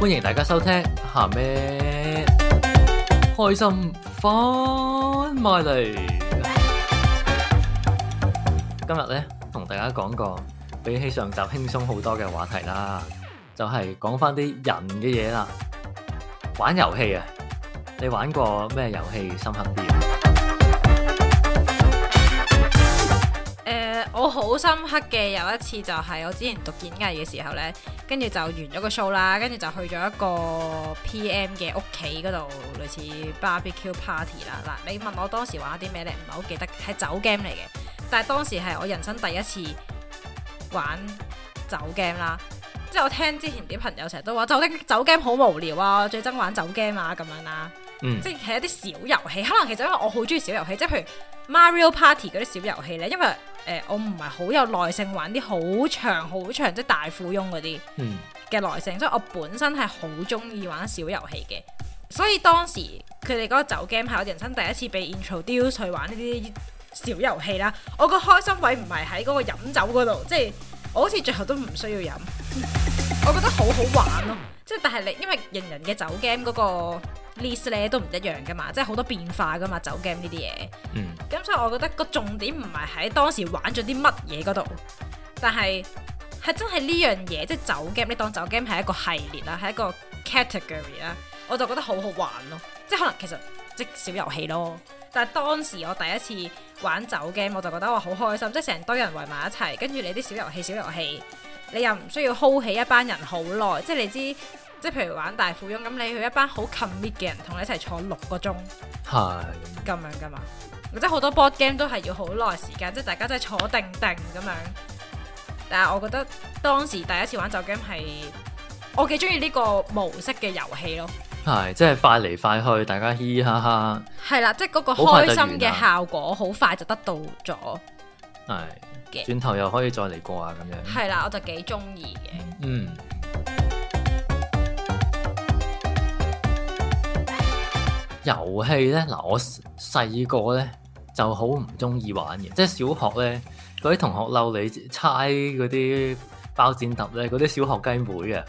歡迎大家收聽《下咩開心返埋嚟》。今日咧同大家講個比起上集輕鬆好多嘅話題啦，就係講返啲人嘅嘢啦。玩遊戲啊，你玩過咩遊戲深刻啲？誒，我好深刻嘅有一次就係我之前讀演藝嘅時候咧。跟住就完咗個 show 啦，跟住就去咗一個 PM 嘅屋企嗰度，類似 barbecue party 啦。嗱，你問我當時玩啲咩呢？唔係好記得，係酒 game 嚟嘅。但係當時係我人生第一次玩酒 game 啦。即係我聽之前啲朋友成日都話，酒 game 酒 game 好無聊啊，最憎玩酒 game 啊，咁樣啦、啊。嗯。即係係一啲小遊戲，可能其實因為我好中意小遊戲，即係譬如。Mario Party 嗰啲小遊戲呢，因為誒、呃、我唔係好有耐性玩啲好長好長即係、就是、大富翁嗰啲嘅耐性，嗯、所以我本身係好中意玩小遊戲嘅。所以當時佢哋嗰個酒 game 係我人生第一次被 introduce 去玩呢啲小遊戲啦。我個開心位唔係喺嗰個飲酒嗰度，即、就、係、是、我好似最後都唔需要飲。 我覺得好好玩咯、啊，即、就、係、是、但係你因為人人嘅酒 game 嗰、那個。list 咧都唔一樣噶嘛，即係好多變化噶嘛，酒 game 呢啲嘢。咁、嗯嗯、所以，我覺得個重點唔係喺當時玩咗啲乜嘢嗰度，但係係真係呢樣嘢，即係酒 game。你當酒 game 係一個系列啦，係一個 category 啦，我就覺得好好玩咯。即係可能其實即小遊戲咯。但係當時我第一次玩酒 game，我就覺得我好開心，即係成堆人圍埋一齊，跟住你啲小遊戲、小遊戲，你又唔需要 hold 起一班人好耐，即係你知。即係譬如玩大富翁，咁你去一班好 commit 嘅人同你一齊坐六個鐘，係咁係 樣噶嘛？即係好多 board game 都係要好耐時間，即係大家真係坐定定咁樣。但係我覺得當時第一次玩酒 game 係，我幾中意呢個模式嘅遊戲咯。係，即係快嚟快去，大家嘻嘻哈哈。係啦，即係嗰個開心嘅效果，好快就得到咗。係，轉頭又可以再嚟過啊，咁樣。係啦，我就幾中意嘅。嗯。遊戲咧嗱，我細個咧就好唔中意玩嘅，即係小學咧嗰啲同學嬲你猜嗰啲包剪揼咧，嗰啲小學雞妹啊，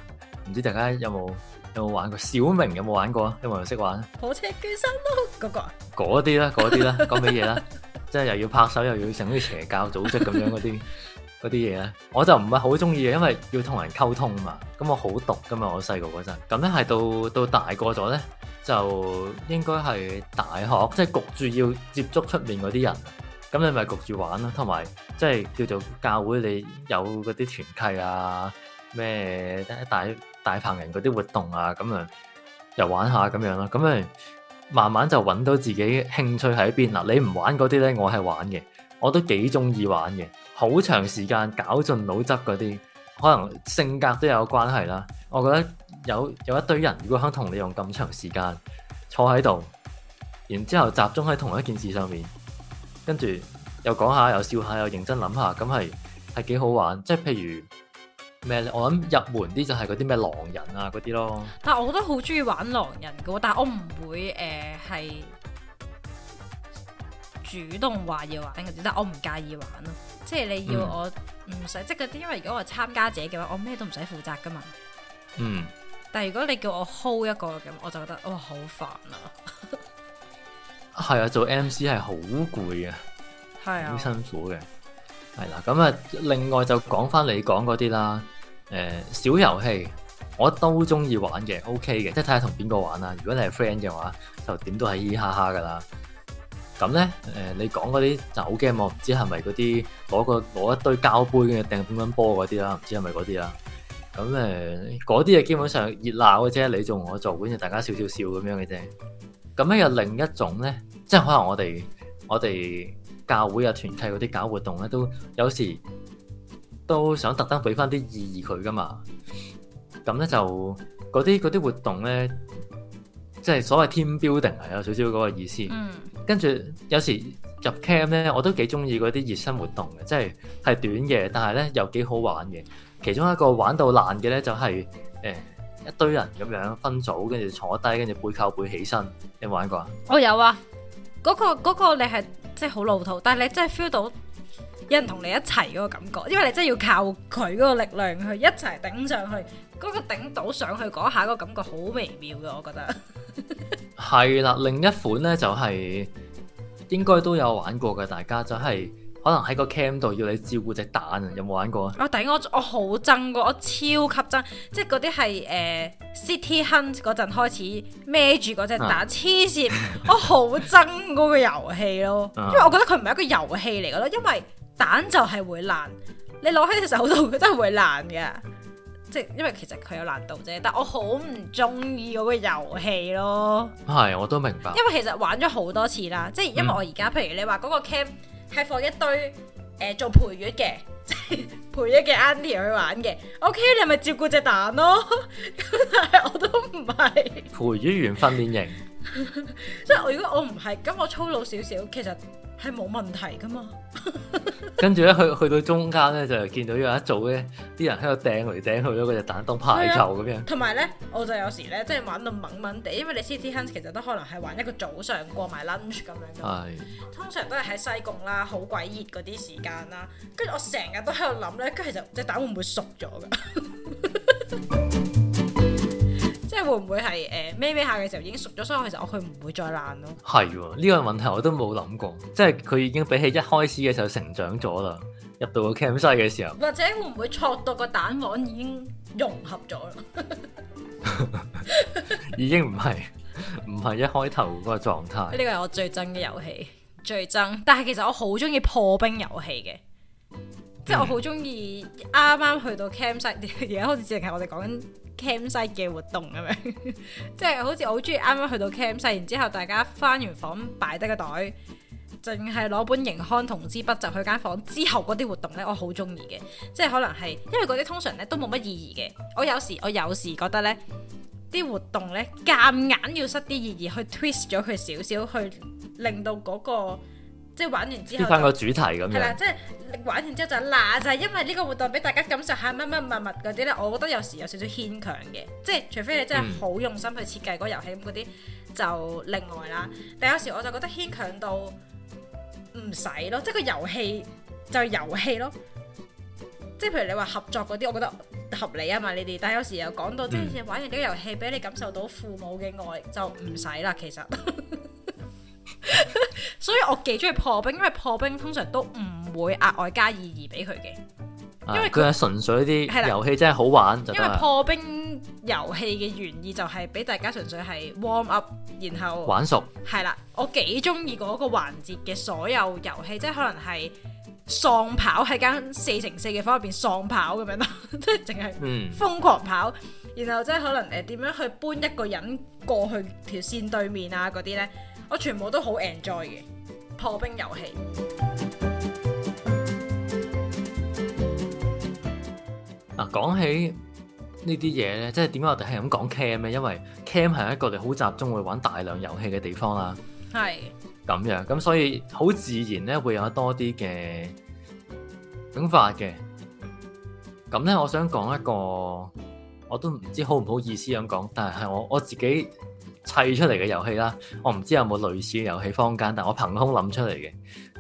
唔知大家有冇有冇玩過？小明有冇玩過啊？有冇人識玩火車決身咯嗰個，嗰啲啦，嗰啲啦，講乜嘢啦？ 即係又要拍手，又要成啲邪教組織咁樣嗰啲。 嗰啲嘢咧，我就唔係好中意嘅，因為要同人溝通嘛。咁我好毒噶嘛，我細個嗰陣。咁咧係到到大個咗咧，就應該係大學，即係焗住要接觸出面嗰啲人。咁你咪焗住玩咯，同埋即係叫做教會你有嗰啲團契啊，咩大大棚人嗰啲活動啊，咁樣又玩下咁樣咯。咁樣慢慢就揾到自己興趣喺邊啦。你唔玩嗰啲咧，我係玩嘅，我都幾中意玩嘅。好長時間搞盡腦汁嗰啲，可能性格都有關係啦。我覺得有有一堆人，如果肯同你用咁長時間坐喺度，然之後集中喺同一件事上面，跟住又講下，又笑下，又認真諗下，咁係係幾好玩。即係譬如咩，我諗入門啲就係嗰啲咩狼人啊嗰啲咯。但係我都好中意玩狼人㗎喎，但係我唔會誒係。呃主動話要玩嗰啲，但我唔介意玩咯。即係你要我唔使，嗯、即係嗰啲，因為如果我參加者嘅話，我咩都唔使負責噶嘛。嗯。但係如果你叫我 hold 一個咁，我就覺得哦，好煩啊。係 啊，做 MC 係好攰嘅，係啊，好辛苦嘅。係啦，咁啊，另外就講翻你講嗰啲啦。誒、呃，小遊戲我都中意玩嘅，OK 嘅，即係睇下同邊個玩啦。如果你係 friend 嘅話，就點都係嘻嘻哈哈噶啦。咁咧，誒、呃、你講嗰啲酒 game，我唔知係咪嗰啲攞個攞一堆膠杯跟住掟乒乓波嗰啲啦，唔知係咪嗰啲啦。咁誒，嗰啲就基本上熱鬧嘅啫，你做我做，跟住大家笑笑笑咁樣嘅啫。咁咧有另一種咧，即係可能我哋我哋教會啊團契嗰啲搞活動咧，都有時都想特登俾翻啲意義佢噶嘛。咁咧就嗰啲啲活動咧，即係所謂 team building 係啊，少少嗰個意思。嗯。跟住有時入 cam 咧，我都幾中意嗰啲熱身活動嘅，即係係短嘅，但係咧又幾好玩嘅。其中一個玩到爛嘅咧，就係誒一堆人咁樣分組，跟住坐低，跟住背靠背起身。你有冇玩過啊？我有啊，嗰、嗰個嗰個你係即係好老土，但係你真係 feel 到有人同你一齊嗰個感覺，因為你真係要靠佢嗰個力量去一齊頂上去，嗰、嗰個頂到上去嗰下嗰、嗰個感覺好微妙嘅，我覺得。 係啦，另一款呢就係、是、應該都有玩過嘅，大家就係、是、可能喺個 cam 度要你照顧隻蛋，有冇玩過啊？我頂我我好憎噶，我超級憎，即係嗰啲係誒 City Hunt 嗰陣開始孭住嗰隻蛋，黐線、啊！ 我好憎嗰個遊戲咯，因為我覺得佢唔係一個遊戲嚟噶咯，因為蛋就係會爛，你攞喺隻手度佢真係會爛嘅。即係因為其實佢有難度啫，但我好唔中意嗰個遊戲咯。係，我都明白。因為其實玩咗好多次啦，即係因為我而家，譬如你話嗰個 camp 係放一堆誒、呃、做陪月嘅，即係陪月嘅 Auntie 去玩嘅。O、OK? K，你係咪照顧隻蛋咯？ 但係我都唔係。陪月員訓練營。即係我如果我唔係，咁我粗魯少少，其實。係冇問題噶嘛 跟住咧，去去到中間咧，就係見到有一組咧，啲人喺度掟嚟掟去咗嗰隻蛋當排球咁樣，啊。同埋咧，我就有時咧，即係玩到懵懵地，因為你 City Hunt 其實都可能係玩一個早上過埋 lunch 咁樣噶嘛。是通常都係喺西貢啦，好鬼熱嗰啲時間啦。跟住我成日都喺度諗咧，跟住其實隻蛋會唔會熟咗㗎？會唔會係誒咩咩下嘅時候已經熟咗，所以其實我佢唔會再爛咯。係呢、這個問題我都冇諗過，即係佢已經比起一開始嘅時候成長咗啦。入到個 camp 曬嘅時候，或者會唔會戳到個蛋黃已經融合咗啦？ 已經唔係唔係一開頭嗰個狀態。呢個係我最憎嘅遊戲，最憎。但係其實我好中意破冰遊戲嘅。即係我好中意啱啱去到 campsite，而家好似淨係我哋講緊 campsite 嘅活動咁樣。 即係好似我好中意啱啱去到 campsite，然之後大家翻完房擺低個袋，淨係攞本營康同支筆就去間房之後嗰啲活動呢，我好中意嘅。即係可能係因為嗰啲通常呢都冇乜意義嘅。我有時我有時覺得呢啲活動呢，夾硬，硬要塞啲意義去 twist 咗佢少少，去令到嗰個。即係玩完之後，貼翻個主題咁樣。係啦，即係玩完之後就嗱，就係、是、因為呢個活動俾大家感受下乜乜乜物嗰啲咧。我覺得有時有少少牽強嘅，即係除非你真係好用心去設計嗰個遊戲咁嗰啲，嗯、就另外啦。但有時我就覺得牽強到唔使咯，即係個遊戲就遊戲咯。即係譬如你話合作嗰啲，我覺得合理啊嘛呢啲。但係有時又講到、嗯、即係玩完呢個遊戲俾你感受到父母嘅愛，就唔使啦。其實。 所以我幾中意破冰，因為破冰通常都唔會額外加意義俾佢嘅，因為佢係、啊、純粹啲遊戲，真係好玩。的因為破冰遊戲嘅原意就係俾大家純粹係 warm up，然後玩熟係啦。我幾中意嗰個環節嘅所有遊戲，即係可能係喪跑喺間四乘四嘅房入邊喪跑咁樣咯，即係淨係瘋狂跑，嗯、然後即係可能誒點樣去搬一個人過去條線對面啊嗰啲咧，我全部都好 enjoy 嘅。破冰遊戲啊，講起呢啲嘢咧，即係點解我哋係咁講 Cam 咧？因為 Cam 係一個你好集中會玩大量遊戲嘅地方啦。係咁是樣，咁所以好自然咧，會有多啲嘅諗法嘅。咁咧，我想講一個，我都唔知好唔好意思咁講，但係我我自己。砌出嚟嘅遊戲啦，我唔知有冇類似嘅遊戲坊間，但我憑空諗出嚟嘅。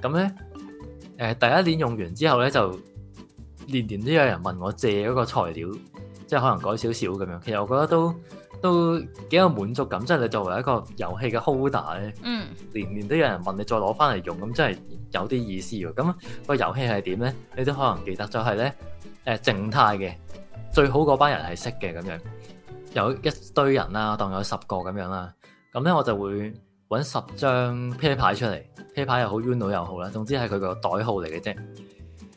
咁咧，誒第一年用完之後咧，就年年都有人問我借嗰個材料，即係可能改少少咁樣。其實我覺得都都幾有滿足感，即係你作為一個遊戲嘅 holder 咧，嗯，年年都有人問你再攞翻嚟用，咁真係有啲意思喎。咁個遊戲係點咧？你都可能記得就係咧，誒靜態嘅，最好嗰班人係識嘅咁樣。有一堆人啦，當有十個咁樣啦，咁咧我就會揾十張啤牌出嚟，啤牌又好、uno 又好啦，總之係佢個代號嚟嘅啫。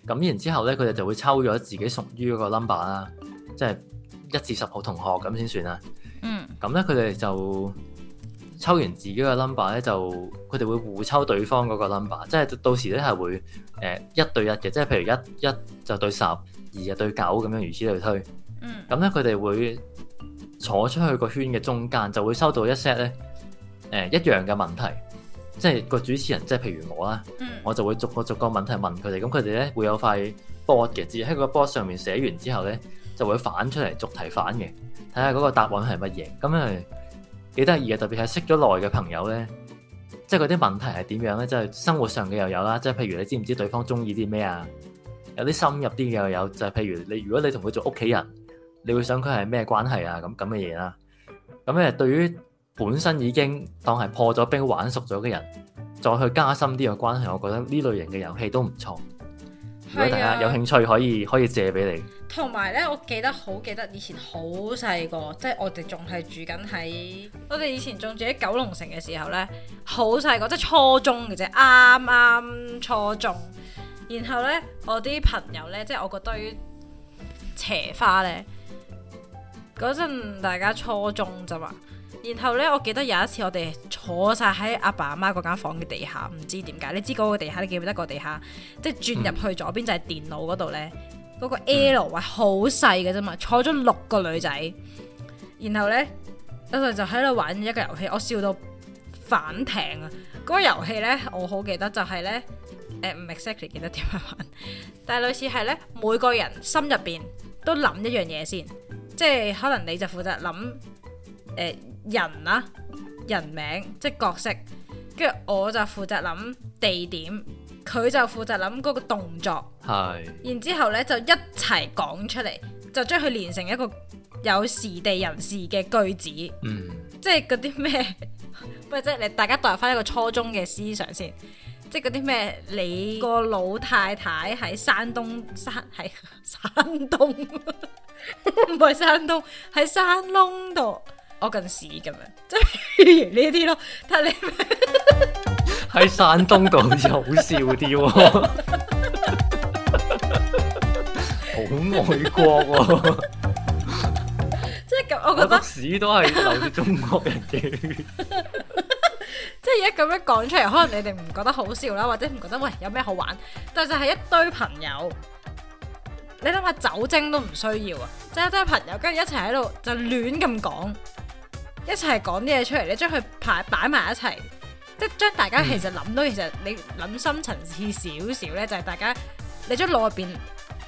咁然之後咧，佢哋就會抽咗自己屬於嗰個 number 啦，即係一至十號同學咁先算啦。嗯、mm.。咁咧，佢哋就抽完自己嘅 number 咧，就佢哋會互抽對方嗰個 number，即係到時咧係會誒、呃、一對一嘅，即係譬如一一就對十，二就對九咁樣，如此類推。嗯、mm.。咁咧，佢哋會，坐出去個圈嘅中間，就會收到一 set 咧，誒、呃、一樣嘅問題，即係個主持人，即係譬如我啦，嗯、我就會逐個逐個問題問佢哋，咁佢哋咧會有塊 board 嘅，字喺個 board 上面寫完之後咧，就會反出嚟逐題反嘅，睇下嗰個答案係乜嘢，咁係幾得意嘅，特別係識咗耐嘅朋友咧，即係嗰啲問題係點樣咧？即係生活上嘅又有啦，即係譬如你知唔知對方中意啲咩啊？有啲深入啲嘅又有，就係譬如你如果你同佢做屋企人，你會想佢係咩關係啊？咁咁嘅嘢啦，咁咧對於本身已經當係破咗冰玩熟咗嘅人，再去加深啲嘅關係，我覺得呢類型嘅遊戲都唔錯。如果大家有興趣，可以可以借俾你。同埋咧，我記得好記得以前好細個，即係我哋仲係住緊喺我哋以前仲住喺九龍城嘅時候咧，好細個，即係初中嘅啫，啱啱初中。然後咧，我啲朋友咧，即係我個堆斜花咧。嗰陣大家初中咋嘛，然後呢，我記得有一次我哋坐晒喺阿爸阿媽嗰間房嘅地下，唔知點解，你知嗰個地下，你記唔記得個地下？即係轉入去左邊就係電腦嗰度呢，嗰、嗯、個 L 位好細嘅啫嘛，坐咗六個女仔，然後呢，一陣就喺度玩一個遊戲，我笑到反艇啊！嗰、嗰個遊戲呢，我好記得就係呢，唔、呃、exactly 記得點樣玩，但係類似係呢，每個人心入邊。都諗一樣嘢先，即係可能你就負責諗誒、呃、人啦、啊，人名，即係角色，跟住我就負責諗地點，佢就負責諗嗰個動作，係是，然之後咧就一齊講出嚟，就將佢連成一個有時地人事嘅句子，嗯，即係嗰啲咩，唔 係即係你大家代翻一個初中嘅思想先。即係嗰啲咩？你個老太太喺山東山喺山東，唔係山東喺 山窿度屙緊屎咁樣，即係呢啲咯。睇你喺山東度好笑啲喎、啊，好愛 國喎、啊！ 即係我覺得屎都係留住中國人嘅。 即係而家咁樣講出嚟，可能你哋唔覺得好笑啦，或者唔覺得喂有咩好玩，但就係一堆朋友，你諗下酒精都唔需要啊，即係一堆朋友跟住一齊喺度就亂咁講，一齊講啲嘢出嚟，你將佢排擺埋一齊，即係將大家其實諗到、嗯、其實你諗深層次少少咧，就係、是、大家你將腦入邊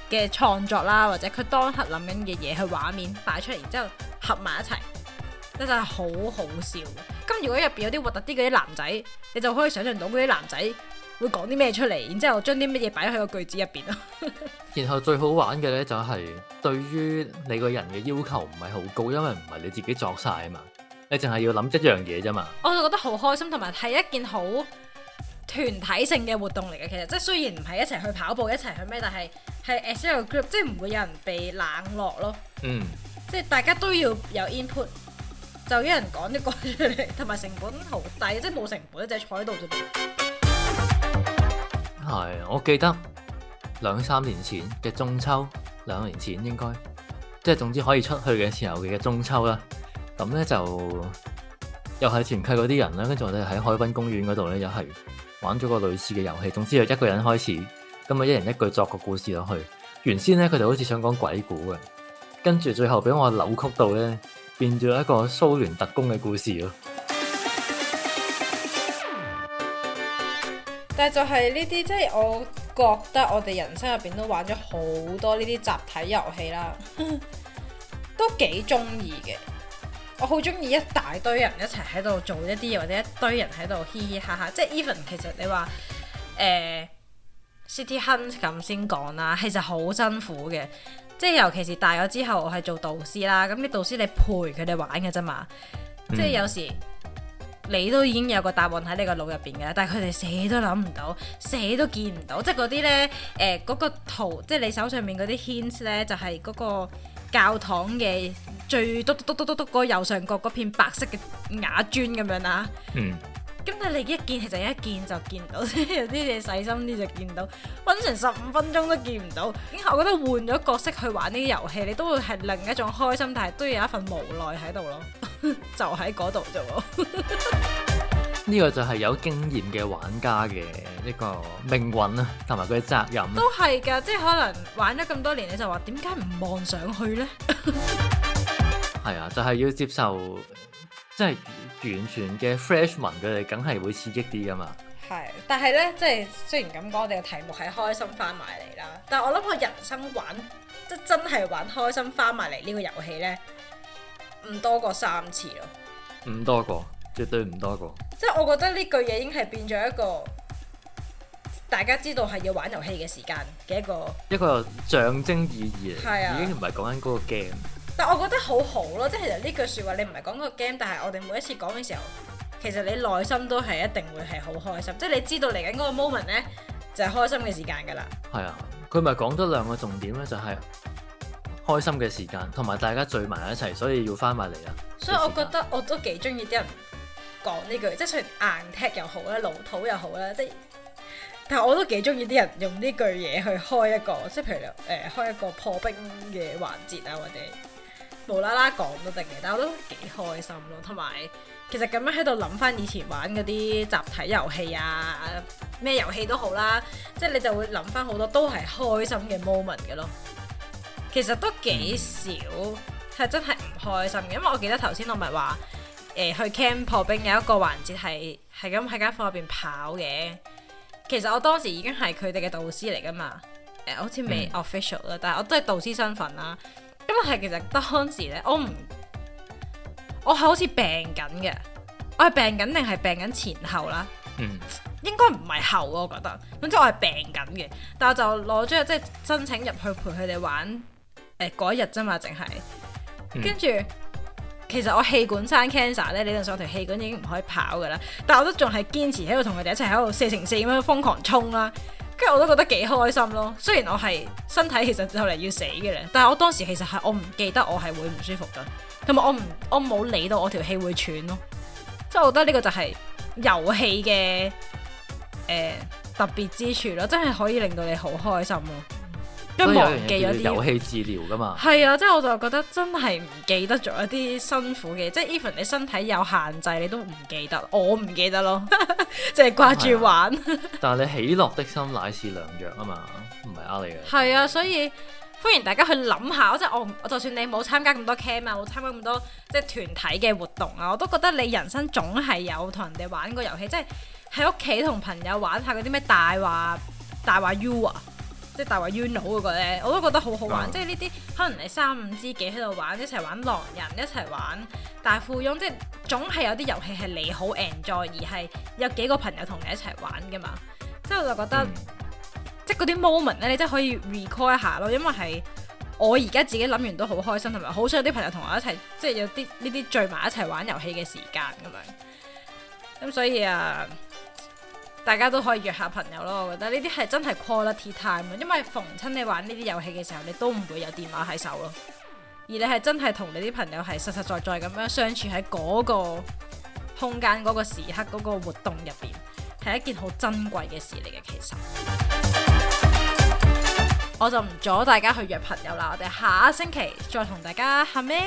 嘅創作啦，或者佢當刻諗緊嘅嘢，去畫面擺出嚟，然之後合埋一齊。真係好好笑！咁如果入邊有啲核突啲嗰啲男仔，你就可以想象到嗰啲男仔會講啲咩出嚟，然之後將啲乜嘢擺喺個句子入邊咯。 然後最好玩嘅，呢，就係對於你個人嘅要求唔係好高，因為唔係你自己作晒啊嘛，你淨係要諗一樣嘢啫嘛。我就覺得好開心，同埋係一件好團體性嘅活動嚟嘅。其實即係雖然唔係一齊去跑步，一齊去咩，但係係 as a group，即係唔會有人被冷落咯。嗯，即係大家都要有 input。就有人講啲鬼出嚟，同埋成本好低，即係冇成本就坐喺度就。係，我記得兩三年前嘅中秋，兩年前應該，即係總之可以出去嘅時候嘅中秋啦。咁咧就又係前期嗰啲人啦。跟住我哋喺海濱公園嗰度咧，又係玩咗個類似嘅遊戲。總之就一個人開始，咁啊一人一句作個故事落去。原先咧佢哋好似想講鬼故嘅，跟住最後俾我扭曲到咧。變咗一個蘇聯特工嘅故事咯。但係就係呢啲，即係我覺得我哋人生入邊都玩咗好多呢啲集體遊戲啦， 都幾中意嘅。我好中意一大堆人一齊喺度做一啲，或者一堆人喺度嘻嘻哈哈。即係 even 其實你話誒，呃，City Hunt 咁先講啦，其實好辛苦嘅。即係尤其是大咗之後，我係做導師啦。咁啲導師你陪佢哋玩嘅啫嘛。嗯、即係有時你都已經有個答案喺你個腦入邊嘅，但係佢哋死都諗唔到，死都見唔到。即係嗰啲呢，誒、呃，嗰、那個圖，即係你手上面嗰啲 hints 咧，就係、是、嗰個教堂嘅最嘟嘟嘟嘟嘟嘟嗰右上角嗰片白色嘅瓦磚咁樣啦。嗯。咁但係你一見其實一見就見到， 有啲嘢細心啲就見到，搵成十五分鐘都見唔到。咁我覺得換咗角色去玩呢啲遊戲，你都會係另一種開心，但係都有一份無奈喺度咯， 就喺嗰度啫喎。呢個就係有經驗嘅玩家嘅呢、呢個命運啊，同埋佢嘅責任。都係㗎，即係可能玩咗咁多年，你就話點解唔望上去咧？係 啊，就係、係、要接受。即係完全嘅 freshman，嘅梗係會刺激啲噶嘛？係，但係咧，即係雖然咁講，我哋嘅題目係開心翻埋嚟啦。但係我諗，我人生玩即真係玩開心翻埋嚟呢個遊戲咧，唔多過三次咯。唔多過，絕對唔多過。即係我覺得呢句嘢已經係變咗一個大家知道係要玩遊戲嘅時間嘅一個一個象徵意義，係啊嚟，已經唔係講緊嗰個 game。但我覺得好好咯，即係其實呢句説話你唔係講個 game，但係我哋每一次講嘅時候，其實你內心都係一定會係好開心，即係你知道嚟緊嗰個 moment 呢，就係開心嘅時間噶啦。係啊，佢咪講咗兩個重點咧，就係、是、開心嘅時間，同埋大家聚埋一齊，所以要返埋嚟啦。所以我覺得我都幾中意啲人講呢句，即係雖然硬踢又好啦、老土又好啦，即係，但我都幾中意啲人用呢句嘢去開一個，即係譬如誒、呃、開一個破冰嘅環節啊，或者。無啦啦講都定嘅，但我都幾開心咯。同埋其實咁樣喺度諗翻以前玩嗰啲集體遊戲啊，咩遊戲都好啦，即係你就會諗翻好多都係開心嘅 moment 嘅咯。其實都幾少係、嗯、真係唔開心，因為我記得頭先我咪話誒去 camp 破冰有一個環節係係咁喺間房入邊跑嘅。其實我當時已經係佢哋嘅導師嚟噶嘛，誒、呃、好似未 official 啦，嗯、但係我都係導師身份啦。因為係其實當時咧，我唔，我係好似病緊嘅，我係病緊定係病緊前後啦。嗯，應該唔係後啊，我覺得。總之我係病緊嘅，但係就攞咗即係申請入去陪佢哋玩誒嗰一日啫嘛，淨係跟住，其實我氣管生 cancer 咧，理論上條氣管已經唔可以跑噶啦，但係我都仲係堅持喺度同佢哋一齊喺度四乘四咁樣瘋狂衝啦。跟住我都覺得幾開心咯，雖然我係身體其實就嚟要死嘅啦，但係我當時其實係我唔記得我係會唔舒服嘅，同埋我唔我冇理到我條氣會喘咯，即係我覺得呢個就係遊戲嘅誒特別之處咯，真係可以令到你好開心咯。因為忘記咗啲遊戲治療噶嘛，係啊，即係我就覺得真係唔記得咗一啲辛苦嘅，即係 even 你身體有限制，你都唔記得，我唔記得咯，即係掛住玩。啊、但係你喜樂的心乃是良藥啊嘛，唔係呃你嘅。係啊，所以歡迎大家去諗下，即係我就算你冇參加咁多 camp 啊，冇參加咁多即係、就是、團體嘅活動啊，我都覺得你人生總係有同人哋玩過遊戲，即係喺屋企同朋友玩下嗰啲咩大話大話 U 啊。即係大話冤老嗰個咧，我都覺得好好玩。No. 即係呢啲可能你三五知己喺度玩，一齊玩狼人，一齊玩大富翁，即係總係有啲遊戲係你好 enjoy，而係有幾個朋友同你一齊玩嘅嘛。之後我就覺得、mm. 即係嗰啲 moment 咧，你真係可以 recall 一下咯。因為係我而家自己諗完都好開心，同埋好想有啲朋友同我一齊，即係有啲呢啲聚埋一齊玩遊戲嘅時間咁樣。咁所以啊～大家都可以約下朋友咯，我覺得呢啲係真係 quality time 啊！因為逢親你玩呢啲遊戲嘅時候，你都唔會有電話喺手咯，而你係真係同你啲朋友係實實在在咁樣相處喺嗰個空間，嗰個時刻，嗰個活動入邊，係一件好珍貴嘅事嚟嘅。其實，我就唔阻大家去約朋友啦，我哋下一星期再同大家係咩？